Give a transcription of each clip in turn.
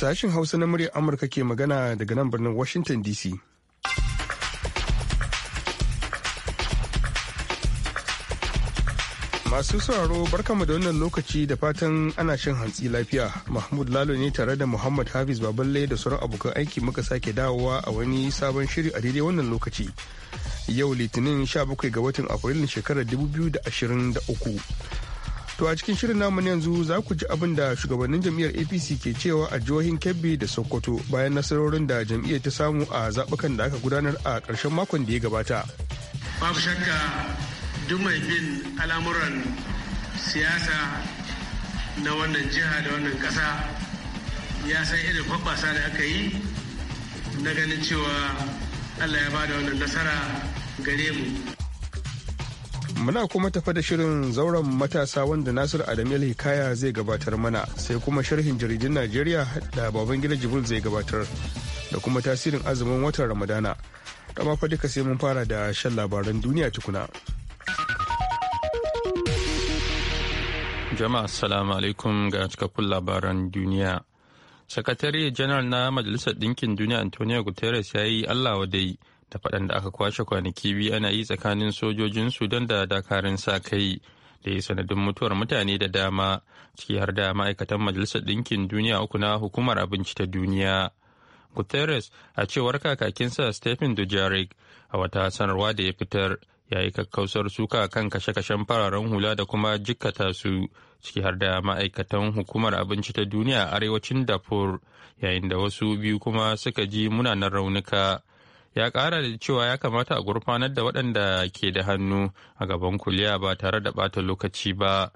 Sashen Hausa na muryar Amurka ke magana daga nan birnin Washington DC. Masu sauraro barkamu da wannan lokaci da fatan ana shan hantsi lafiya. Mahmud Lalo ne tare da Muhammad Hafiz Baballe da sauran abokan aiki muka sake dawowa a wani sabon shiri a daidai wannan lokaci. Yau Litinin 17 ga watan Afrilun shekarar 2023. To a cikin shirin namu yanzu za ku ji abin da shugabannin jam'iyyar APC ke cewa a jihohin Kebbi da Sokoto bayan nasarorin da jam'iyyar ta samu a zaɓukan da aka gudanar a ƙarshen makon da ya gabata. Babu shakka duk mai bin al'amuran siyasa na wannan jiha da wannan ƙasa ya san irin faɓasa da aka yi na ganin cewa Allah ya ba da wannan nasara gare mu. Muna kuma tafa da shirin zauren matasa wanda Nasir Adamil Hikaya zai gabatar mana sai kuma sharhin jaridun Najeriya da Babangida Jibril zai gabatar da kuma tasirin azumin watan Ramadana. Dama fa duka sai mun fara da shan labaran duniya tukuna. Jama'a assalamu alaikum ga cikakkun labaran duniya. Sakatare janar na Majalisar Ɗinkin Duniya Antonio Guterres ya yi Allah wadai da faɗan da aka kwashe kwanaki biyu ana yi tsakanin sojojin sudan da dakarun sa kai da ya sanadin mutuwar mutane da dama ciki har da ma'aikatan majalisar ɗinkin duniya uku na hukumar abinci ta duniya guterres a cewar kakakin sa stephen dujarric a wata sanarwa da ya fitar ya yi kakkausar suka kan kashe-kashen fararen hula da kuma jikkata su ciki har da ma'aikatan hukumar abinci ta duniya a arewacin dafur yayin da wasu biyu kuma suka ji munanan raunuka ya kara da cewa ya kamata a gurfanar da waɗanda ke da hannu a gaban kuliya ba tare da ɓata lokaci ba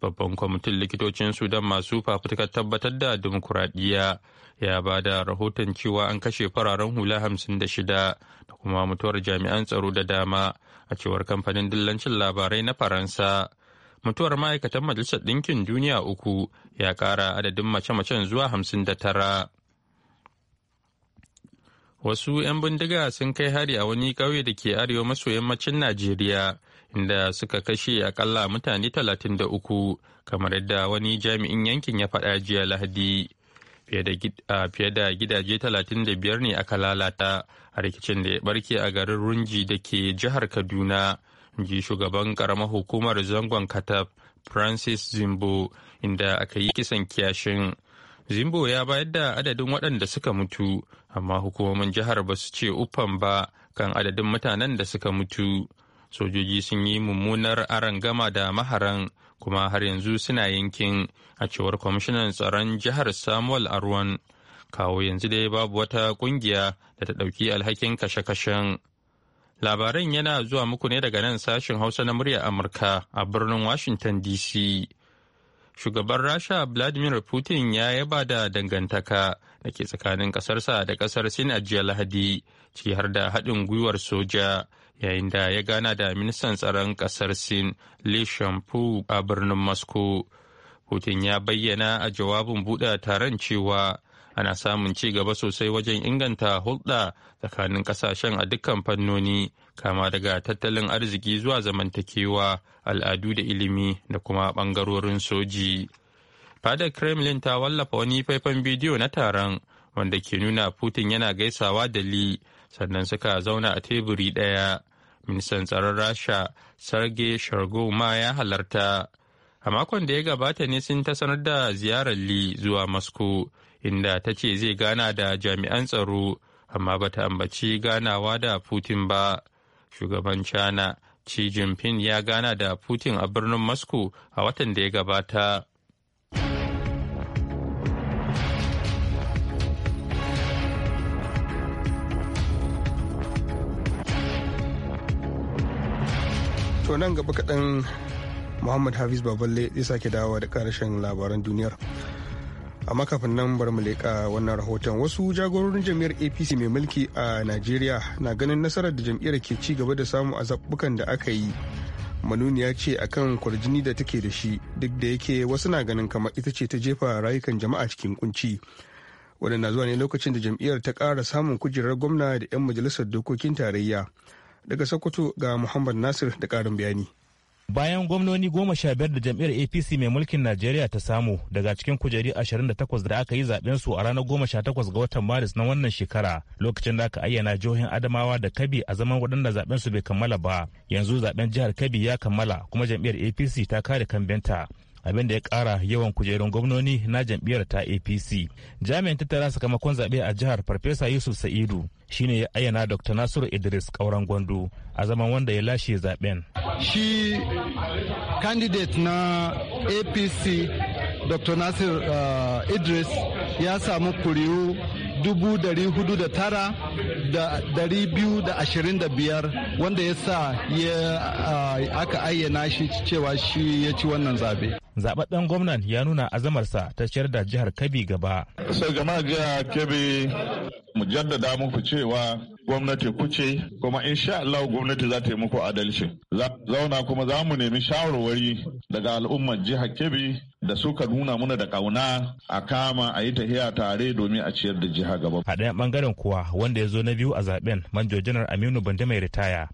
babban kwamitin likitocin sudan masu fafutukar tabbatar da dimokuraɗiyya ya ba da rahoton cewa an kashe fararen hula hamsin da shida da kuma mutuwar jami'an tsaro da dama a cewar kamfanin dillancin labarai na faransa mutuwar ma'aikatan majalisar ɗinkin duniya uku ya ƙara adadin mace-macen zuwa hamsin da tara wasu 'yan bindiga sun kai hari a wani ƙauye da ke arewa maso yammacin najeriya inda suka kashe akalla mutane 33 kamar yadda wani jami'in yankin ya faɗa jiya lahadi fiye da gidaje 35 ne aka lalata a rikicin da ya barke a garin runji da ke jihar kaduna ji shugaban karamar hukumar zangon kataf francis zimbo inda aka yi kisan kiyashin Zimbo ya bayar da adadin waɗanda suka mutu, amma hukumomin jihar ba su ce uffan ba kan adadin mutanen da suka mutu. Sojoji sun yi mummunar gama da maharan kuma har yanzu suna yankin a cewar kwamishinan tsaron jihar Samuel Arwan. Kawo yanzu dai babu wata ƙungiya da ta ɗauki alhakin kashe-kashen. Labaran yana zuwa muku ne daga nan sashin Hausa na murya Amurka a birnin Washington DC. shugaban rasha vladimir putin ya yaba da dangantaka da ke tsakanin kasarsa da ƙasar sin a jiya lahadi ciki har da haɗin gwiwar soja yayin da ya gana da ministan tsaron ƙasar sin li shampu a birnin moscow putin ya bayyana a jawabin buɗe taron cewa ana samun ci gaba sosai wajen inganta hulɗa tsakanin ƙasashen a dukkan fannoni kama daga tattalin arziki zuwa zamantakewa al'adu da ilimi da kuma ɓangarorin soji fadar kremlin ta wallafa wani faifan bidiyo na taron wanda ke nuna putin yana gaisawa da li sannan suka zauna a teburi ɗaya ministan tsaron rasha sergei shargo ma ya halarta a makon da ya gabata ne sun ta sanar da ziyarar li zuwa moscow inda ta ce zai gana da jami'an tsaro amma ba ta ambaci ganawa da putin ba shugaban china xi jinping ya gana da putin a birnin moscow a watan da ya gabata to nan gaba kaɗan muhammad hafiz baballe zai sake dawowa da ƙarashin labaran duniyar amma kafin nan bar mu leƙa wannan rahoton wasu jagororin jam'iyyar apc mai mulki a najeriya na ganin nasarar da jam'iyyar ke ci gaba da samu a zabukan da aka yi ya ce akan kwarjini da take da shi duk da yake wasu na ganin kamar ita ce ta jefa rayukan jama'a cikin kunci waɗanda zuwa ne lokacin da jam'iyyar ta ƙara samun kujerar gwamna da 'yan majalisar dokokin tarayya daga sokoto ga muhammad nasir da ƙarin bayani bayan gwamnoni goma sha biyar da jam'iyyar apc mai mulkin najeriya ta samu daga cikin kujeri ashirin da takwas da aka yi zaben su a ranar goma sha takwas ga watan maris na wannan shekara lokacin da aka ayyana jihohin adamawa da kabi a zaman waɗanda zaben su bai kammala ba yanzu zaɓen jihar kabi ya kammala kuma jam'iyyar apc ta kare kambenta abin da ya kara yawan kujerun gwamnoni na jam'iyyar ta apc jami'in tattara sakamakon zaɓe a jihar farfesa yusuf sa'idu shine ya ayyana dr nasiru idris kauran gwandu a zaman wanda ya lashe zaben shi candidate na apc dr nasir uh, idris ya samu kuriyu dubu dari hudu da tara da dari biyu da ashirin da biyar wanda ya sa ya uh, aka ayyana shi cewa shi ya ci wannan zabe zaɓaɗɗen gwamnan ya nuna azamarsa ta ciyar da jihar kabi gaba sai gama jihar kabi mu jaddada muku cewa gwamnati kuce kuma insha Allah gwamnati za ta yi muku adalci zauna kuma za mu nemi shawarwari daga al'ummar jihar kabi da suka nuna muna da kauna a kama a yi tahiya tare domin a ciyar da jihar gaba a ɗayan ɓangaren kuwa wanda ya zo na biyu a zaben manjo aminu bande mai ritaya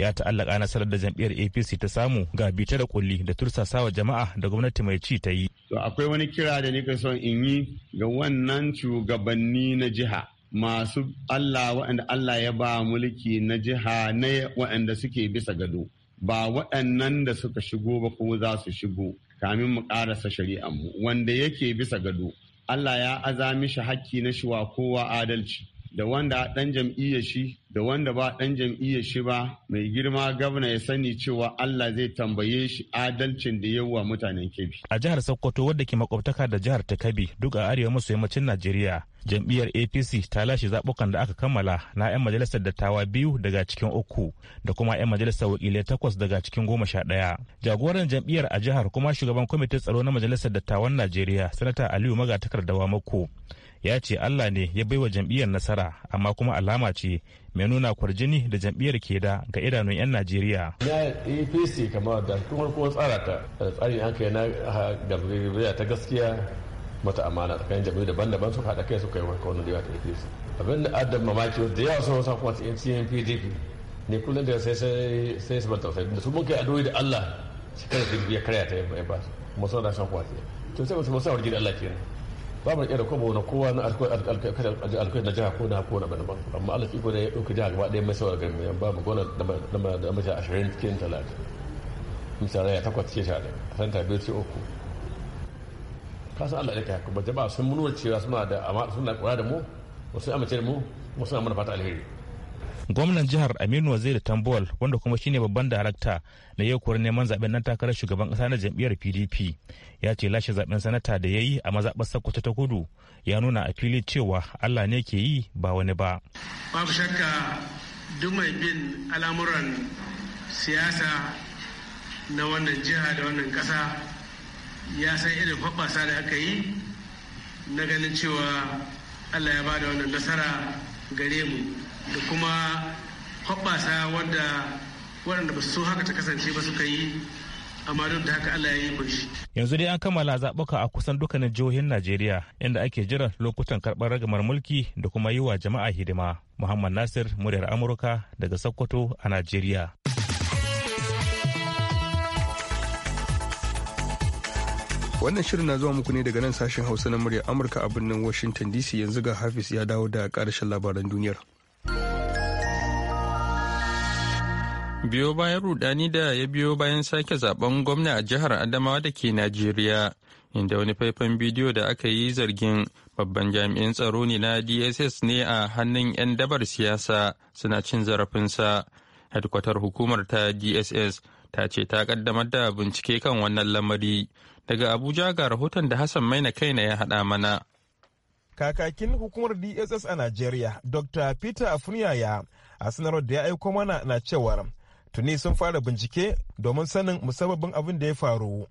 ya ta'allaka nasarar da jam'iyyar apc ta samu ga bita da kulli da tursasawa jama'a da gwamnati mai ci ta yi to akwai wani kira da nika son in yi ga wannan shugabanni na jiha masu allah waɗanda allah ya ba mulki na jiha na waɗanda suke bisa gado ba waɗannan da suka shigo ba kuma za su shigo kamin mu ƙarasa shari'anmu wanda yake bisa gado allah ya azami shi hakki na shiwa kowa adalci da wanda ɗan jam'iyyar shi da wanda ba ɗan jam'iyya shi ba mai girma gabna ya sani cewa Allah zai tambaye shi adalcin da ya yawa mutanen Kebbi. A jihar Sokoto wadda ke makwabtaka da jihar ta Kebbi duk a arewa maso yammacin Najeriya jam'iyyar apc ta lashe zaɓukan da aka kammala na 'yan majalisar dattawa biyu daga cikin uku da kuma 'yan majalisar wakilai takwas daga cikin goma sha ɗaya jagoran jam'iyyar a jihar kuma shugaban kwamitin tsaro na majalisar dattawan najeriya sanata aliyu magatakar dawa mako ya ce Allah ne ya baiwa jam'iyyar nasara amma kuma alama ce mai nuna kwarjini da jam'iyyar ke da ga idanun 'yan Najeriya. Ya APC e kamar da kuma kuma tsara ta tsari an kai na gabriya ta gaskiya mata amana tsakanin jam'iyyar daban-daban suka haɗa kai suka yi wani wani da APC. E Abin da adam mamaki da yawa sun wasan kuma CNP PDP ne kullum da sai sai su ban tausayi da su mun kai adoyi da Allah shekarar da ya karya ta ya ba su kuma sun rashin kwace. To sai musamman wargi da Allah kenan. ba mu da kwabo na kowa na alkai na jiha ko na kowa na banaban amma Allah ko ne ya dauki jiha gaba ɗaya mai sauwa ga mai ba mu gona da mace ashirin cikin talatin misalai ya takwas ce a san ta ce uku kasan Allah ne ka haka ba jama'a sun nuna cewa suna da suna kura da mu wasu amince da mu wasu na mana fata alheri gwamnan jihar aminu da tambol wanda kuma shine babban darakta na yaukuwar neman zaben nan takarar shugaban kasa na jam'iyyar pdp ya ce lashe zaben sanata da ya yi a mazaɓar sokoto ta kudu ya nuna a fili cewa allah ne ke yi ba wani ba babu shakka duk mai bin al'amuran siyasa na wannan jiha da wannan kasa ya san irin hoɓɓasa da aka yi na ganin cewa allah ya ba da wannan nasara gare mu da kuma hoɓɓasa wadda waɗanda ba so haka ta kasance ba suka yi amma duk da haka Allah ya yi kunshi. Yanzu dai an kammala zaɓuka a kusan dukkanin jihohin Najeriya inda ake jiran lokutan karɓar ragamar mulki da kuma yi wa jama'a hidima. Muhammad Nasir, muryar Amurka daga Sokoto a Najeriya. Wannan shirin na zuwa muku ne daga nan sashen Hausa na murya Amurka a birnin Washington DC yanzu ga Hafiz ya dawo da karshen labaran duniyar. Biyo bayan rudani da ya biyo bayan sake zaben gwamna a jihar Adamawa da ke Najeriya, inda wani faifan bidiyo da aka yi zargin babban jami'in tsaro ne na DSS ne a hannun 'yan dabar siyasa suna cin zarafinsa. Hedkwatar hukumar ta DSS ta ce ta kaddamar da bincike kan wannan lamari daga abuja ga rahoton da hassan maina kaina ya hada mana kakakin hukumar dss a nigeria dr peter afunyaya a sanarwar da ya aiko mana na cewar tuni sun fara bincike domin sanin musababin abin da ya faru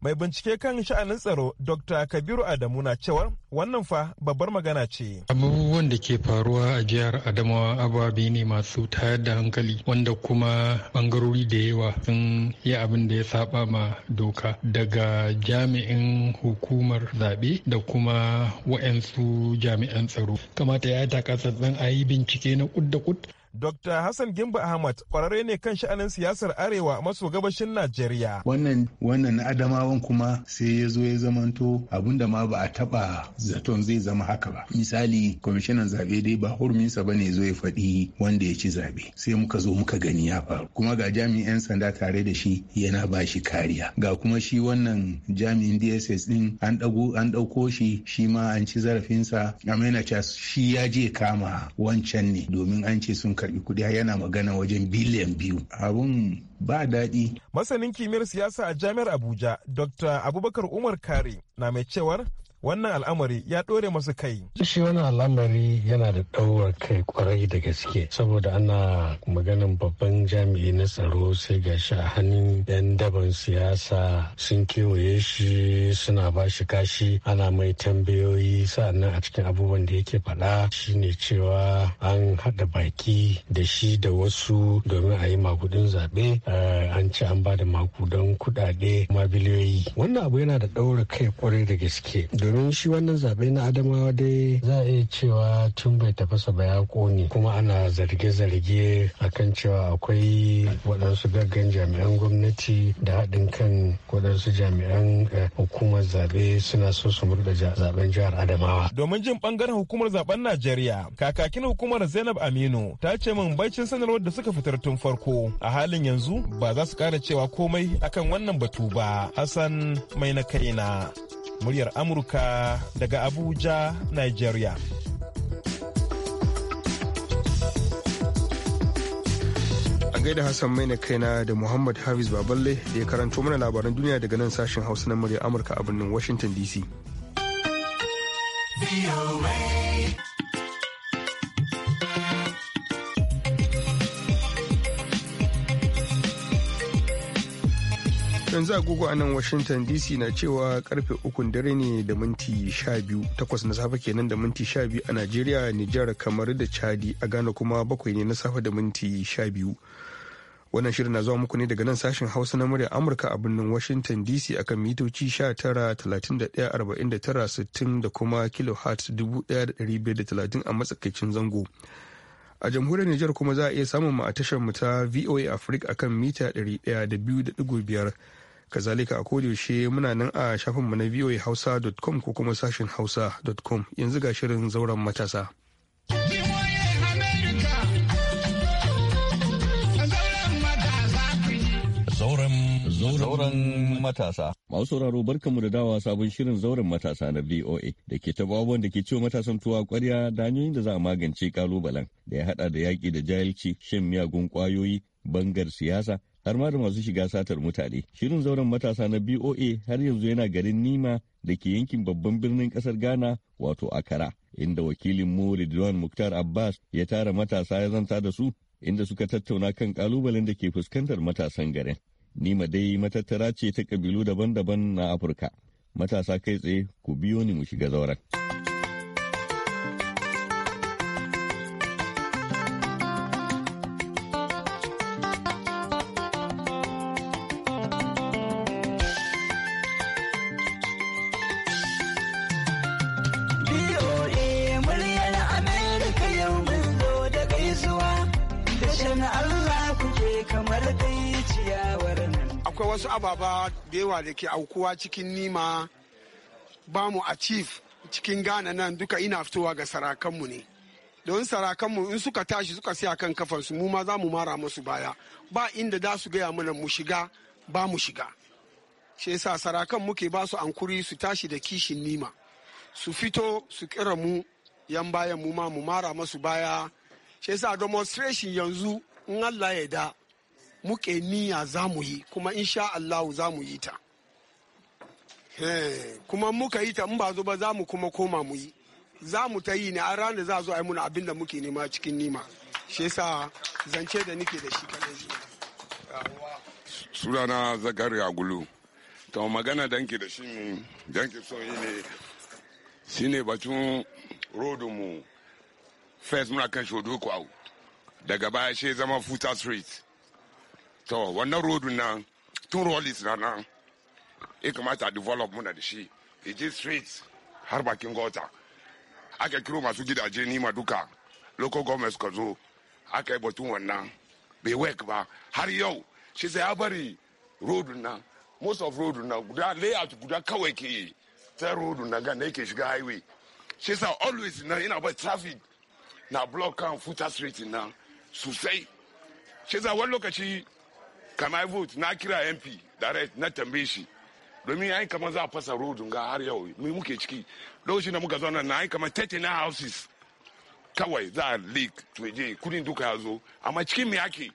mai bincike kan sha'anin tsaro dr kabiru adamu na cewa wannan fa babbar magana ce abubuwan da ke faruwa a jihar adamawa ababe ne masu tayar da hankali wanda kuma bangarori da yawa sun yi abin da ya saba ma doka daga jami'in hukumar zaɓe da kuma wa'yansu jami'an tsaro kamata ya yi takasar a yi bincike na kud da kud Dr. Hassan Gimba Ahmad kwararre ne kan sha'anin siyasar Arewa maso gabashin Najeriya. Wannan wannan Adamawan kuma sai ya zo ya zamanto abinda ma ba a taba zaton zai zama haka ba. Misali kwamishinan zabe dai ba hurminsa ba ne zo ya faɗi wanda ya ci zabe. Sai muka zo muka gani ya faru. Kuma ga jami'an sanda tare da shi yana ba shi kariya. Ga kuma shi wannan jami'in DSS din an ɗago an ɗauko shi shi ma an ci zarafinsa. Amina shi ya je kama wancan ne domin an ce sun karbi kudi yana magana wajen biliyan biyu abun ba daɗi. Masanin kimiyyar siyasa a jami'ar Abuja, Dr. Abubakar Umar Kare na mai cewar wannan al'amari ya ɗore masa kai. Shi wannan al'amari yana da ɗaurar kai kwarai da gaske saboda ana maganin babban jami'i na tsaro sai ga shi a hannun 'yan daban siyasa sun kewaye shi suna ba shi kashi ana mai tambayoyi sa'annan a cikin abubuwan da yake faɗa shine cewa an haɗa baki da shi da wasu domin a yi makudin zaɓe eh, an ci an ba da makudan kuɗaɗe ma biliyoyi wannan abu yana da ɗaurar kai kwarai da gaske domin shi wannan zaɓe na adamawa dai za a iya cewa tun bai tafasa ba ya ƙone kuma ana zarge-zarge akan cewa akwai waɗansu gaggan jami'an gwamnati da haɗin kan waɗansu jami'an eh, hukumar zabe suna so su murɗa zaben jihar adamawa. domin jin ɓangaren hukumar zaɓen najeriya kakakin hukumar zainab aminu ta ce min baicin sanarwar da suka fitar tun farko a halin yanzu ba za su ƙara cewa komai akan wannan batu ba hassan mai na kaina muryar Amurka daga Abuja, Nigeria. A gaida Hassan kai na da Muhammad Hafiz Baballe da ya karanto mana labaran duniya daga nan sashen Hausa na muryar Amurka a birnin Washington DC. yanzu agogo a nan washington dc na cewa karfe ukun dare ne da minti sha biyu takwas na safe kenan da minti sha biyu a nigeria nijar kamar da chadi a ghana kuma bakwai ne na safe da minti sha biyu wannan shirin na zuwa muku ne daga nan sashen hausa na murya amurka a birnin washington dc akan mitoci 19,31,49,60 da kuma kilohertz 1,530 a matsakaicin zango a jamhuriyar nijar kuma za a iya samun mu a tashar mu ta voa africa akan mita da 2.5. kazalika a kodiyoshe muna nan a shafinmu na voahausa.com ko kuma sashen hausa.com yanzu ga shirin zauren matasa. Zauren matasa. Masu sauraro barkanmu da dawa sabon shirin zauren matasa na VOA da ke ta da ke ciwo matasan tuwa kwarya da hanyoyin da za a magance kalubalen da ya hada da yaƙi da jahilci, shan miyagun kwayoyi bangar siyasa, har ma da masu shiga satar mutane. Shirin zauren matasa na BOA har yanzu yana garin Nima da ke yankin babban birnin kasar Ghana wato Akara, inda wakilin mu Ridwan Muktar Abbas ya tara matasa ya zanta da su inda suka tattauna kan kalubalen da ke fuskantar matasan garin. Nima dai matattara ce ta kabilu daban-daban na Afirka. Matasa kai tsaye ku biyo ni mu shiga zauren. abubuwa da ke aukuwa cikin nima ba mu chief cikin ghana nan duka ina fitowa ga sarakanmu ne don sarakanmu in suka tashi suka siya kan kafansu mu ma za mu mara musu baya ba inda za su gaya mana mu shiga ba mu shiga shi yasa sarakan muke ba su ankuri su tashi da kishin nima su fito su kira mu yan bayan mu ma mu mara masu baya shi yasa demonstration yanzu in Allah ya da muke niyya za mu yi kuma insha Allah za mu yi ta Eh, kuma muka yi ta in ba zo ba za mu kuma koma mu yi za mu ta yi ne a ranar za a zo a yi muna abin da muke nema cikin nima shi yasa zance da nike da shi na sunana zakariya gulu to magana danki da shi ne danki so yi ne shi ne batun rodin mu first muna kan shodo au daga baya shi zama futa street to wannan rodin na tun rollis na nan ya kamata a develop muna da shi ya ji street har bakin gota aka kiro masu gidaje nima duka local government ka zo aka yi batun wannan bai work ba har yau shi sai ya bari road na most of road na guda layout guda kawai ke yi ta road na ga yake shiga highway shi sa always na yana ba traffic na block kan futa street na sosai shi sa wani lokaci kamar vote na kira mp direct na tambaye shi domin yayi kamar za a fasa rodin ga har yau mu muke ciki lokacin da muka zauna na yi kamar 39 houses kawai za a leak to je kudin duka ya zo amma cikin me ake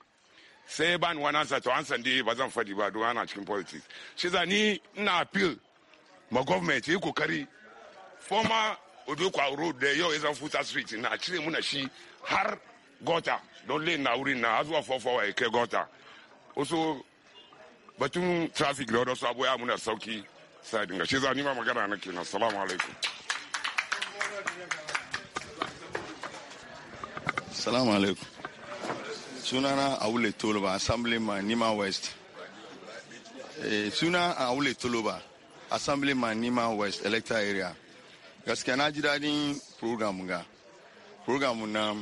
sai ba ni wani ansa to ansa dai ba zan fadi ba don ana cikin politics shi za ni ina appeal ma government yi kokari former odokwa road da yau ya zan futa street na cire muna shi har gota don le na wurin na azuwa zuwa fofawa ya kai gota also batun traffic da wadansu abubuwa muna sauki sai dinga shi za ni ma magana na kenan salamu alaikum salamu alaikum sunana aule toloba assemblyman nima west eh, suna aule toloba assemblyman nima west electoral area gaskiya na ji daɗin program ga program na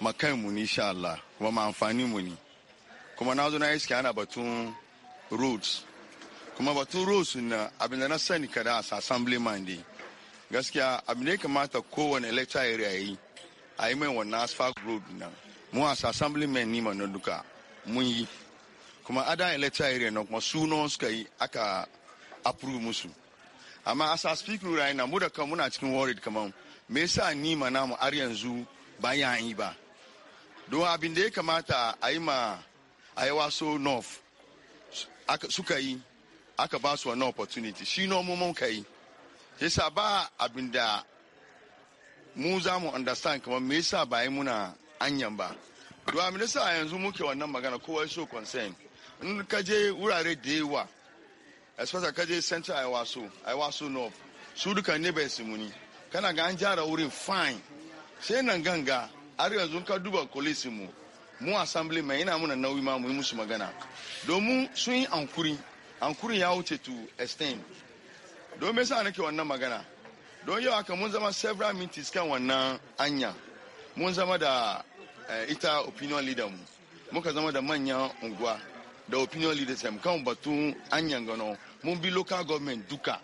makai mu ni sha Allah kuma ma amfani mu ni kuma na zo na iske ana batun roads kuma batun roads na abin da na sani kada as man ne gaskiya abin da ya kamata kowane electoral area yi a yi mai wannan asphalt road na mu assembly man ni na duka mun yi kuma ada electoral area na kuma suna suka yi aka approve musu amma as a speaker right na mu da kan muna cikin worried kaman me yasa ni ma na mu har yanzu ba ya yi ba don abin da ya kamata a yi ma a yi waso north suka yi aka ba su wannan opportunity shi nomomin ka yi yasa ba abin da mu za mu understand kamar me yasa ba yi muna anyan ba duwa da sa yanzu muke wannan magana kowa so concern in ka je wurare da yawa especially ka je central aiwaso aiwaso north su duka ne bai simuni kana ga an jara wurin fine sai nan ganga har yanzu ka duba police mu mu assembly mai yana muna nauyi ma mu yi musu magana domin sun yi ankuri ankurin ya wuce to extend don me sa nake wannan magana don yau aka mun zama several minutes kan wannan anya mun zama da eh, ita opinion leader mu muka zama da manyan unguwa da opinion leaders kan batun anyan gano mun bi local government duka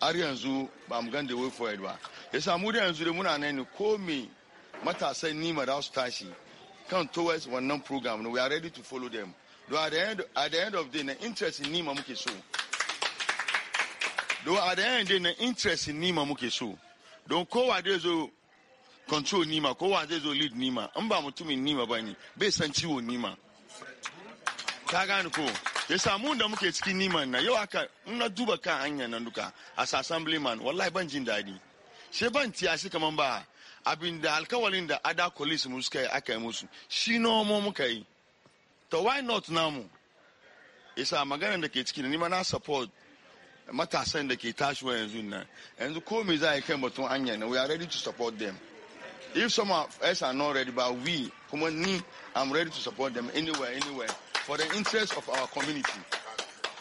har yanzu ba mu gan da way forward ba yasa mu da yanzu da muna nan ko me matasan nima da su tashi come towards wannan program we are ready to follow them though at the end at the end of the day na interest in nima Mukesu. so though at the end of the day na interest in nima Mukesu. so call what there's a control nima what there's a lead nima about to mutumin nima bani ne bai san ciwo nima ka Yes, ko on the da muke cikin niman na yau aka in na duba as assemblyman What ban jin daɗi sai ban see shi kaman ba abin da alkawalin da ada kolis mu suka yi aka yi musu shi nomo muka yi to why not namu isa Magana da ke ciki da nima na support matasan da ke tashiwa yanzu na yanzu ko me za a yi kai batun anya na we are ready to support them if some of us are not ready but we kuma ni i'm ready to support them anywhere anywhere for the interest of our community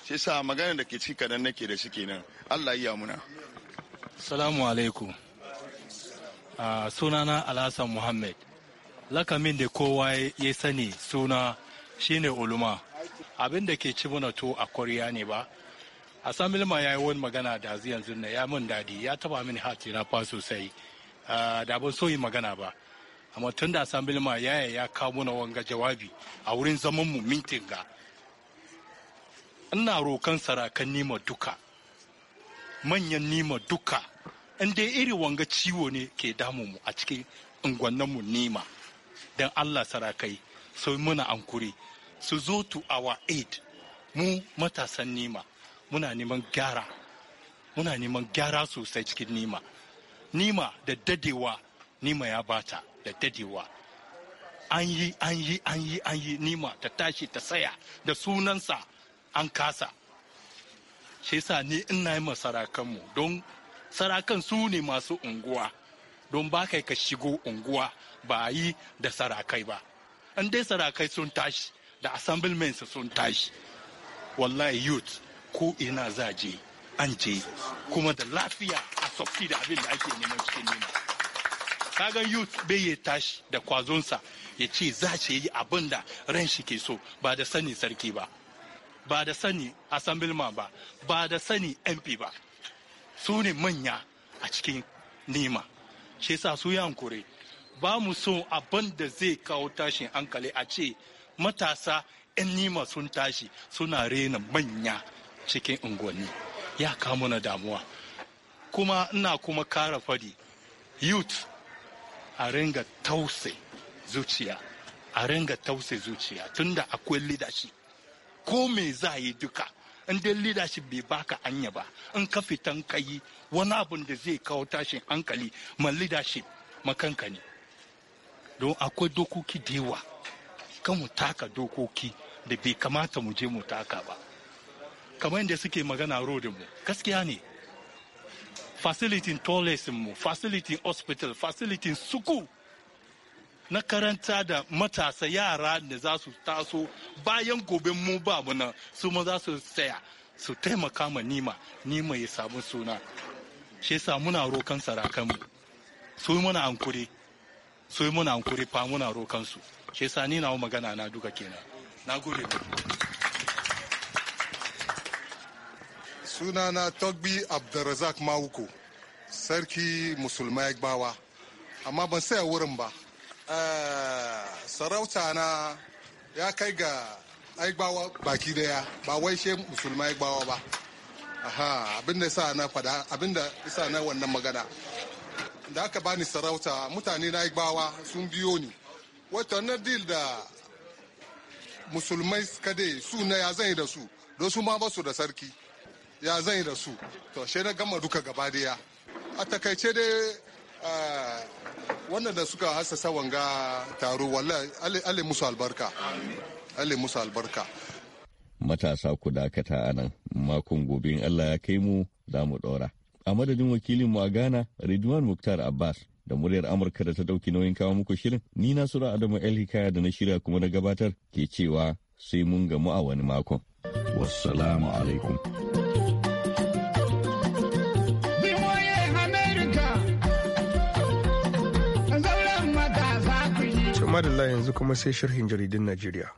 shi sa maganar da ke ciki kadan nake da shi kenan allah ya muna salamu alaikum A sunana Alhassan Muhammad. Lakamin da kowa ya sani suna shine uluma. Abin da ke ci mana to a koriya ne ba. A Milma ya yi wani magana da yanzu na ya min dadi ya taba mini hati na fa sosai. da ban so yi magana ba. Amma tun da Milma ya ya kawo mana wanga jawabi a wurin zaman mu mintin ga. Ina rokan sarakan nima duka. Manyan nima duka. in dai iri wanga ciwo ne ke damu mu a cikin unguwannin mu nema don allah sarakai so muna ankuri su zo to our aid mu matasan nema muna neman gyara muna neman gyara sosai cikin nima nima da dadewa nima ya bata da dadewa an yi an yi an yi an yi nima ta tashi ta saya da sunansa an kasa shi sa ni ina yi masarakanmu don sarakan su ne masu unguwa don ba kai ka shigo unguwa ba yi da sarakai ba an dai sarakai sun tashi da assemblymen sun tashi wallahi youth ko ina za je an je kuma da lafiya a sofi da abin da ake neman cikin nema kagan youth bai ya tashi da kwazonsa ya ce za ce yi abin da ran shi ke so ba da sani sarki ba ba da sani assemblyman ba ba da sani mp ba su ne manya a cikin nema shi yasa su yi ba mu so abin da zai kawo tashin hankali a ce matasa 'yan nima sun tashi suna rena manya cikin unguwanni ya kamo na damuwa kuma ina kuma kara fadi youth a ringa tause zuciya a ringa tause zuciya tunda akwai leadership ko me za yi duka in dai leadership bai baka anya ba in ka fitan kayi wani abun da zai kawo tashin hankali ma leadership makanka ne don akwai dokoki da yawa kan mu taka dokoki da bai kamata mu je mu taka ba kamar yadda suke magana rodin mu gaskiya ne facility toilet mu facility hospital facility suku na karanta da matasa yara da za su taso bayan gobe mu ba mu nan su ma za su tsaya su taimaka ma nima nima ya samu suna shi yasa muna rokan sarakanmu su yi muna hankuri su yi muna hankuri fa muna rokan su shi yasa ni na magana na duka kenan na gode sunana togbi abdulrazak mawuko sarki musulmai bawa amma ban saya wurin ba Eh, sarauta na ya kai ga aigbawa baki daya ba wai she musulma aigbawa ba aha abinda sa na fada abinda sa na wannan magana da aka bani sarauta mutane na aigbawa sun biyo ni wata na dil da musulmai suka dai su na ya zan da su don su ma ba su da sarki ya zan da su to she na gama duka gaba daya a takaice dai Ah, wannan da suka hasasa wanga taro wallahi alle musu albarka alle musu albarka matasa ku dakata anan, makon gobe in Allah ya kai mu za mu ɗora. A madadin wakilin mu a Ghana, Ridwan Mukhtar Abbas da muryar Amurka da ta ɗauki nauyin kawo muku shirin, ni na sura Adamu El Hikaya da na shirya kuma na gabatar ke cewa sai mun gamu a wani makon. Wassalamu alaikum. madalla yanzu kuma sai sharhin jaridun Najeriya.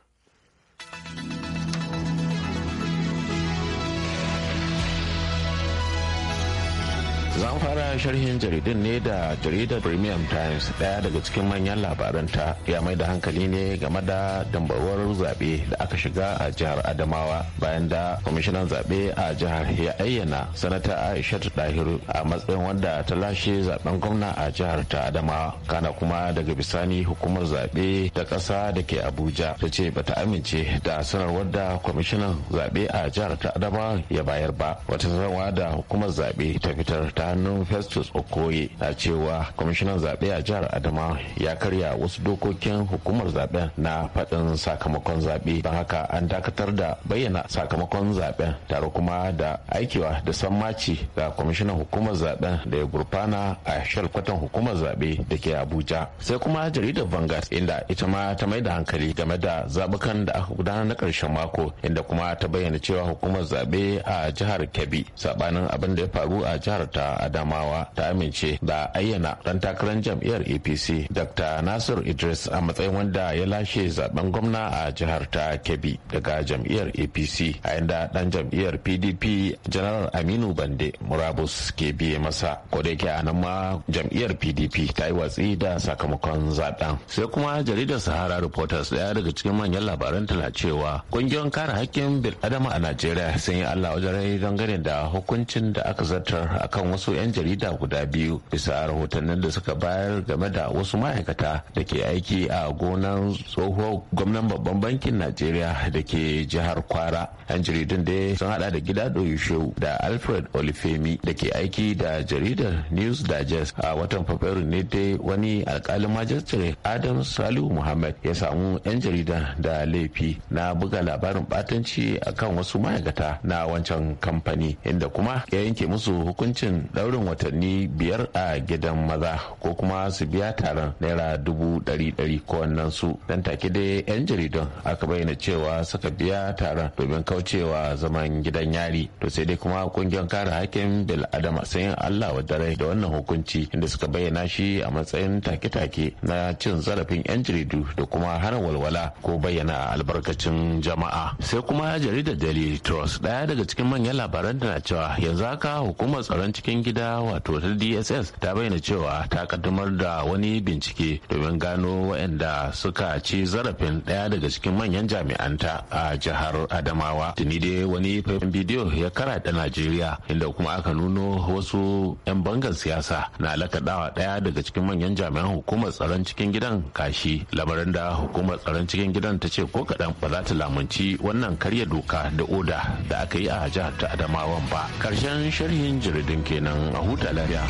Zan fara sharhin jaridun ne da jaridar Premium Times daya daga cikin manyan labaranta ya mai da hankali ne game da dambawar zaɓe da aka shiga a jihar Adamawa bayan da kwamishinan zaɓe a jihar ya ayyana sanata Aisha Dahiru a matsayin wanda ta lashe zaben gwamna a jihar ta Adamawa kana kuma daga bisani hukumar zaɓe ta ƙasa da ke Abuja ta ce bata amince da sanarwar da kwamishinan zaɓe a jihar ta Adamawa ya bayar ba wata sanarwa da hukumar zaɓe ta fitar ta hannun festus okoye na cewa kwamishinan zaɓe a jihar adama ya karya wasu dokokin hukumar zaɓen na faɗin sakamakon zaɓe don haka an dakatar da bayyana sakamakon zaɓen tare kuma da aikewa da sammaci ga kwamishinan hukumar zaɓen da ya gurfana a shalkwatan hukumar zaɓe da ke abuja sai kuma jaridar vangard inda ita ma ta mai da hankali game da zaɓukan da aka gudanar na ƙarshen mako inda kuma ta bayyana cewa hukumar zaɓe a jihar kebbi saɓanin abin da ya faru a jihar ta adamawa ta amince da ayyana dan takarar jam'iyyar apc dr nasir idris a matsayin wanda ya lashe zaben gwamna a jihar ta kebbi daga jam'iyyar apc a inda dan jam'iyyar pdp General aminu bande murabus ke biye masa kodayake a nan ma jam'iyyar pdp ta yi watsi da sakamakon zaben sai kuma jaridar sahara reporters daya daga cikin manyan labaran tana cewa kungiyoyin kare hakkin bil'adama a najeriya sun yi allah wajen rai dangane da hukuncin da aka zartar akan wasu wasu 'yan jarida guda biyu bisa rahotannin da suka bayar game da wasu ma'aikata da ke aiki a gonan tsohuwar gwamnan babban bankin najeriya da ke jihar kwara 'yan jaridun da sun hada da gida Shehu da alfred olifemi da ke aiki da jaridar news digest a watan fabrairu ne dai wani alkalin majistare adam salihu muhammad ya samu 'yan jarida da laifi na buga labarin batanci akan wasu ma'aikata na wancan kamfani inda kuma ya yanke musu hukuncin daurin watanni biyar a gidan maza ko kuma su biya taron naira dubu ɗari ɗari ko wannan su dan take dai yan jaridan aka bayyana cewa suka biya taron domin kaucewa zaman gidan yari to sai dai kuma kungiyar kare hakkin bil adama sai allah wa dare da wannan hukunci inda suka bayyana shi a matsayin take-take na cin zarafin yan jaridu da kuma hana walwala ko bayyana albarkacin jama'a sai kuma jaridar daily trust daya daga cikin manyan labaran da na cewa yanzu haka hukumar tsaron cikin gida wato ta dss ta bayyana cewa ta kaddamar da wani bincike domin gano waɗanda suka ci zarafin ɗaya daga cikin manyan jami'anta a jihar adamawa tuni dai wani faifan bidiyo ya karaɗa najeriya inda kuma aka nuno wasu 'yan bangar siyasa na lakaɗawa ɗaya daga cikin manyan jami'an hukumar tsaron cikin gidan kashi lamarin da hukumar tsaron cikin gidan ta ce ko kaɗan ba za ta lamunci wannan karya doka da oda da aka yi a jihar ta adamawan ba karshen sharhin jaridun kenan kenan a huta lafiya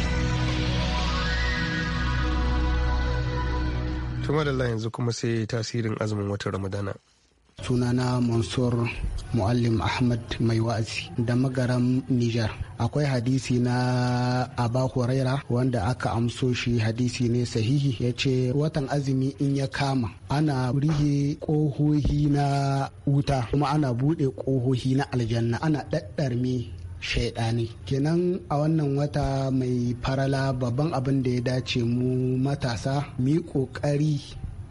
tuma da yanzu kuma sai tasirin azumin watan ramadana sunana mansur muallim ahmad mai wa'azi da magaran nijar akwai hadisi na aba huraira wanda aka amso shi hadisi ne sahihi ya ce watan azumi in ya kama ana rihe ƙohohi na wuta kuma ana buɗe ƙohohi na aljanna ana ɗaɗɗarme shaidani kenan a wannan wata mai farala babban abin da ya dace mu matasa mu yi kokari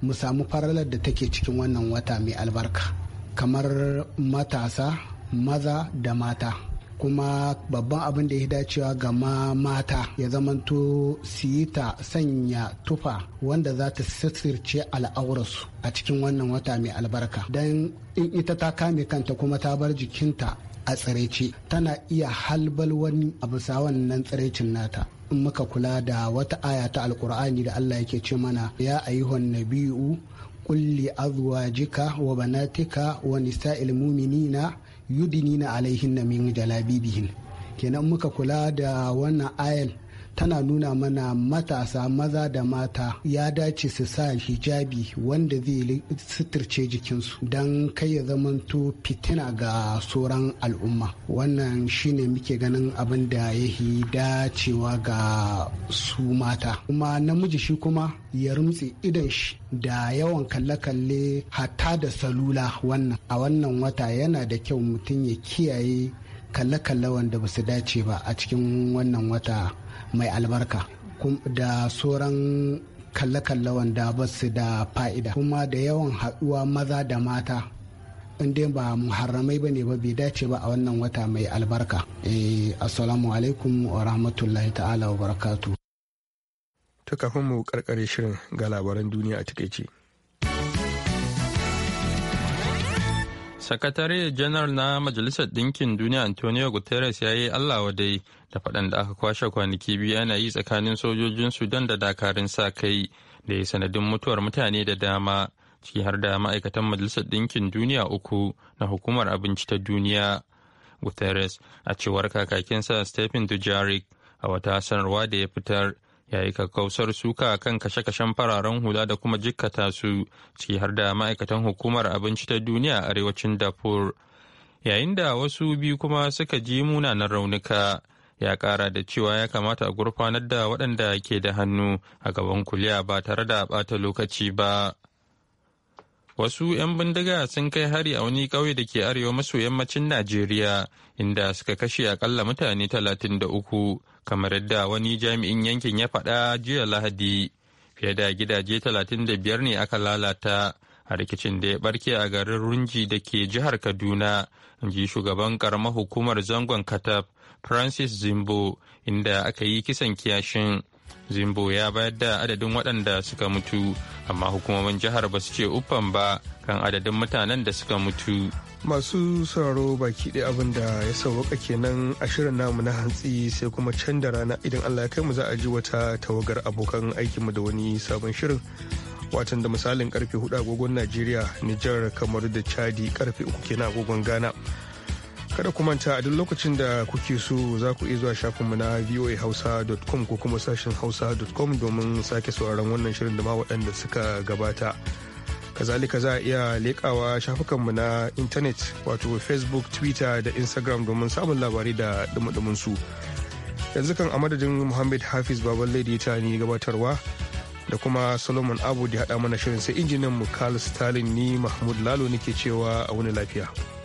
mu samu faralar da take cikin wannan wata mai albarka kamar matasa maza da mata kuma babban abin da ya dacewa ga mata ya zamanto siyita, sanya tufa wanda za ta sirce al'aurarsu a cikin wannan wata mai albarka don in ita ta kame kanta kuma ta bar jikinta a tsiraici tana iya halbal wani a bisa wannan tsiraicin nata in muka kula da wata aya ta alkur'ani da allah yake ce mana ya ayyuhan nabi'u kulli azwajika wa banatika wa nisa'il mu'minina yudinina alaihinna min jalabibihin kenan muka kula da wannan ayal tana nuna mana matasa maza da mata ya dace su sa hijabi wanda zai suturce jikinsu don kai ya zamanto fitina ga sauran al'umma wannan shine muke ganin abin da yi dacewa ga su mata kuma namiji shi kuma ya rumtse idan shi da yawan kalle-kalle hatta da salula wannan a wannan wata yana da kyau mutum ya kiyaye kalle-kalle wanda ba su dace ba a cikin wannan wata mai albarka da sauran kalle-kalle wanda ba su da fa'ida kuma da yawan haɗuwa maza da mata inda dai ba muharramai ba ne ba bai dace ba a wannan wata mai albarka eh, assalamu alaikum wa rahmatullahi ta'ala wa barakatu ta mu karkare shirin ga labaran duniya a takaice. sakatare janar na majalisar ɗinkin duniya antonio guterres ya yi allah dai da faɗan da aka kwashe kwanaki biyu yana yi tsakanin sojojin sudan da dakarun sa kai da ya sanadin mutuwar mutane da dama ciki har da ma'aikatan majalisar ɗinkin duniya uku na hukumar abinci ta duniya guterres a cewar kakakinsa stephen dujaric a wata sanarwa da ya fitar ya yi kakkausar suka kan kashe-kashen fararen hula da kuma jikkata su ciki har da ma'aikatan hukumar abinci ta duniya a arewacin dafur yayin da wasu biyu kuma suka ji munanan raunuka ya kara da cewa ya kamata a gurfanar da waɗanda ke da hannu a gaban kuliya ba tare da ɓata lokaci ba wasu 'yan bindiga sun kai hari a wani ƙauye da ke arewa maso yammacin najeriya inda suka kashe akalla mutane talatin kamar yadda wani jami'in yankin ya faɗa jiya lahadi fiye da gidaje 35 ne aka lalata a rikicin da ya barke a garin runji da ke jihar kaduna ji shugaban karamar hukumar zangon katab francis zimbo inda aka yi kisan kiyashin zimbo ya bayar da adadin waɗanda suka mutu amma hukumomin jihar ba su ce uffan ba kan adadin mutanen da suka mutu. masu sauraro baki ɗaya abin da ya sauwaka kenan a shirin namu na hantsi sai kuma can da rana idan allah ya kai mu za a ji wata tawagar abokan mu da wani sabon shirin watan da misalin karfe 4 agogon najeriya nijar kamar da chadi karfe 3 kenan agogon ghana kada ku manta a duk lokacin da kuke so za ku iya zuwa shafinmu na voahausa.com ko kuma sashen hausa.com domin sake sauraron wannan shirin da ma waɗanda suka gabata. kazalika za a iya leƙawa shafukanmu na intanet wato facebook twitter da instagram domin samun labari da dumadumin su yanzu kan a muhammad hafiz baban lady ta ni gabatarwa da kuma solomon abu da haɗa mana shirin sai injinin mu carl stalin ni mahmud lalo nake cewa a wani lafiya.